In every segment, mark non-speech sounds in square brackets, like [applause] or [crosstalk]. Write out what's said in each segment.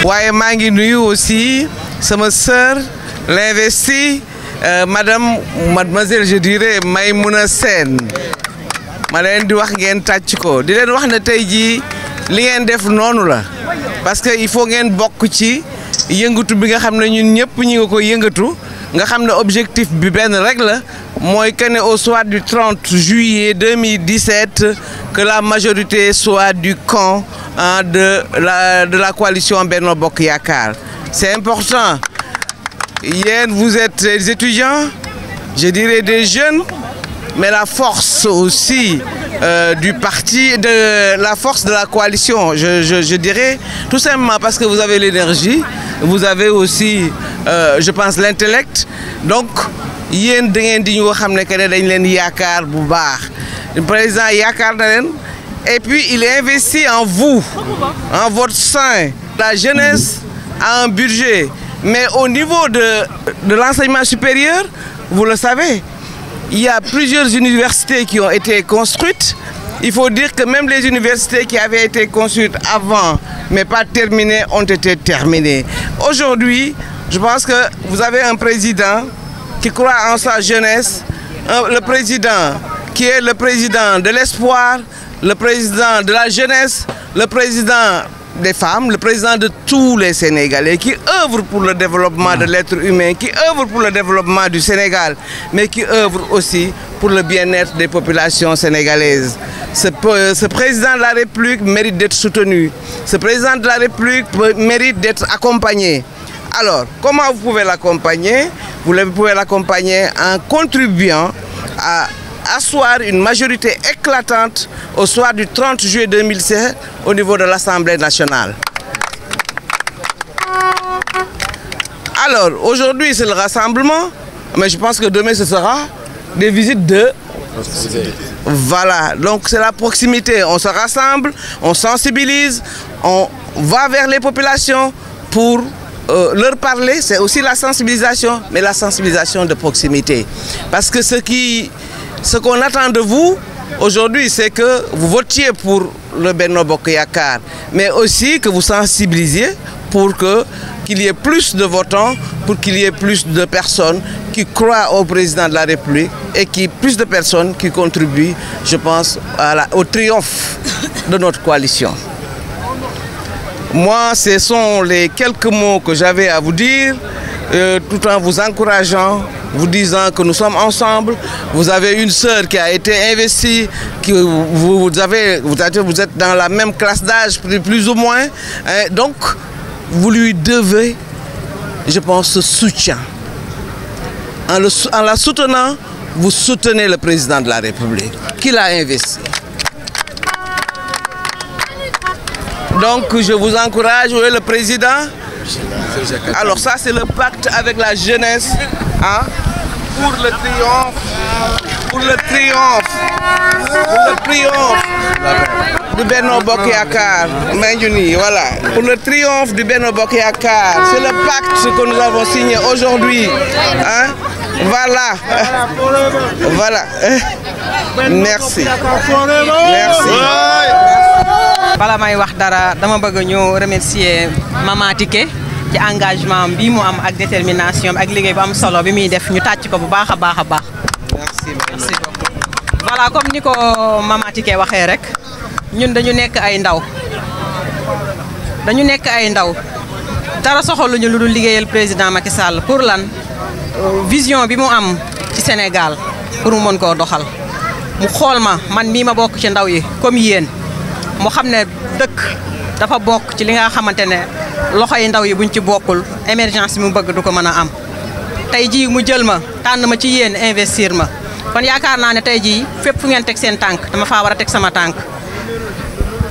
Why am I giving you aussi some sir l'investi euh, madame mademoiselle je dirais Maimouna Sen. Ma len di wax ngeen tacc ko. Di len wax na tay ji li ngeen def nonu la. Parce que il faut ngeen bok ci yëngutu bi nga xamne ñun ñëpp ñi nga avons objectif bi benn rek la au soir du 30 juillet 2017 que la majorité soit du camp hein, de la de la coalition Benno Bokk c'est important vous êtes des étudiants je dirais des jeunes mais la force aussi euh, du parti, de la force de la coalition, je dirais, tout simplement parce que vous avez l'énergie, vous avez aussi euh, je pense l'intellect donc il y a un président Yakar, et puis il investit en vous en votre sein la jeunesse a un budget mais au niveau de l'enseignement supérieur vous le savez il y a plusieurs universités qui ont été construites il faut dire que même les universités qui avaient été construites avant mais pas terminées ont été terminées Aujourd'hui, je pense que vous avez un président qui croit en sa jeunesse, le président qui est le président de l'espoir, le président de la jeunesse, le président des femmes, le président de tous les Sénégalais qui œuvre pour le développement de l'être humain, qui œuvre pour le développement du Sénégal, mais qui œuvre aussi pour le bien-être des populations sénégalaises. Ce, président de la République mérite d'être soutenu. Ce président de la République mérite d'être accompagné. Alors, comment vous pouvez l'accompagner Vous pouvez l'accompagner en contribuant à asseoir une majorité éclatante au soir du 30 juillet 2016 au niveau de l'Assemblée nationale. Alors, aujourd'hui, c'est le rassemblement, mais je pense que demain, ce sera des visites de... Voilà, donc c'est la proximité. On se rassemble, on sensibilise, on va vers les populations pour euh, leur parler. C'est aussi la sensibilisation, mais la sensibilisation de proximité. Parce que ce qu'on ce qu'on attend de vous aujourd'hui, c'est que vous votiez pour le Benno Bokoyakar, mais aussi que vous sensibilisiez pour que qu'il y ait plus de votants, pour qu'il y ait plus de personnes qui croient au président de la République et qui plus de personnes qui contribuent, je pense, au triomphe de notre coalition. Moi, ce sont les quelques mots que j'avais à vous dire, euh, tout en vous encourageant, vous disant que nous sommes ensemble. Vous avez une sœur qui a été investie, que vous, vous, avez, vous, êtes dans la même classe d'âge, plus, plus ou moins. Hein. donc, vous lui devez, je pense, ce soutien. En, la soutenant, vous soutenez le président de la République, qui l'a investi. Donc je vous encourage, oui, le président. Alors ça c'est le pacte avec la jeunesse hein, pour le triomphe, pour le triomphe pour le triomphe du Benno Bokk Yakaar may voilà pour le triomphe du Beno Bokk c'est le pacte que nous avons signé aujourd'hui hein voilà [laughs] voilà [laughs] merci merci Voilà, may wax dara dama bëgg ñu remercier Mama ci engagement bi mu am détermination ak liggéey bu am solo bi muy def ñu tàcc ko merci voilà comme niko mama tike waxé rek ñun dañu nek ay ndaw dañu nek ay ndaw dara soxolu ñu luddul ligéyal président Macky Sall pour lan vision bi mu am ci Sénégal pour mu mën ko doxal mu xol ma man mi ma bok ci ndaw yi comme yeen mu xamné dekk dafa bok ci li nga xamantene loxoy ndaw yi buñ ci bokul emergence mu bëgg du ko mëna am tay ji mu jël ma tan ma ci yeen investir ma kon yaakaar naa ne tey jii fépp fu ngeen teg seen tànk dama faa war a teg sama tànk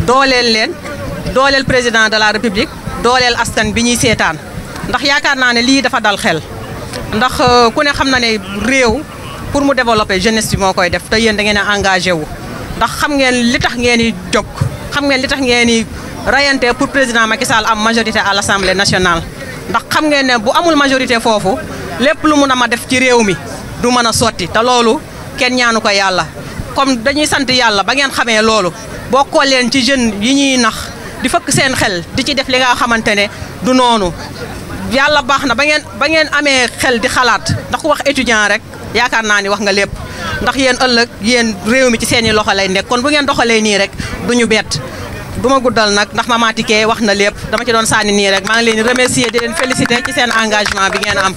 dooleel leen dooleel président de la république dooleel askan bi ñuy seetaan ndax yaakaar naa ne lii dafa dal xel ndax euh, ku ne xam na ne réew pour mu développer jeunesse bi moo koy def te yéen da ngeen a engagé wu ndax xam ngeen li tax ngeen di jóg xam ngeen li tax ngeen di rayante pour président Macky Sall am majorité à l'Assemblée nationale ndax xam ngeen ne bu amul majorité foofu lépp lu mun a ma def ci réew mi du mën a sotti te loolu kenn ñaanu ko yàlla comme dañuy sant yàlla ba ngeen xamee loolu bokkoo leen ci jeunes yi ñuy nax di fëkk seen xel di ci def li nga xamante ne du noonu yàlla baax na ba ngeen ba ngeen amee xel di xalaat ndax wax étudiant rek yaakaar naa ni wax nga lépp ndax yéen ëllëg yéen réew mi ci seeni loxo lay nekk kon bu ngeen doxalee nii rek du ñu bett du ma guddal nag ndax Mama Tické wax na lépp dama ci doon sànni nii rek maa ngi leen di remercier leen féliciter ci seen engagement bi ngeen am